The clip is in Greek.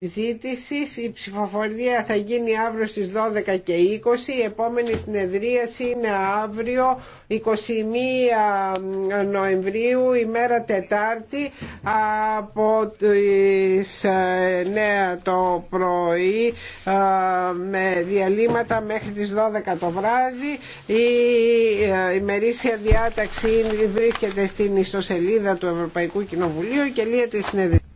συζήτηση. Η ψηφοφορία θα γίνει αύριο στι 12 και 20. Η επόμενη συνεδρίαση είναι αύριο 21 Νοεμβρίου, ημέρα Τετάρτη, από τις 9 ε, το πρωί ε, με διαλύματα μέχρι τις 12 το βράδυ. Η ε, ημερήσια διάταξη βρίσκεται στην ιστοσελίδα του Ευρωπαϊκού Κοινοβουλίου και λύεται η συνεδρία.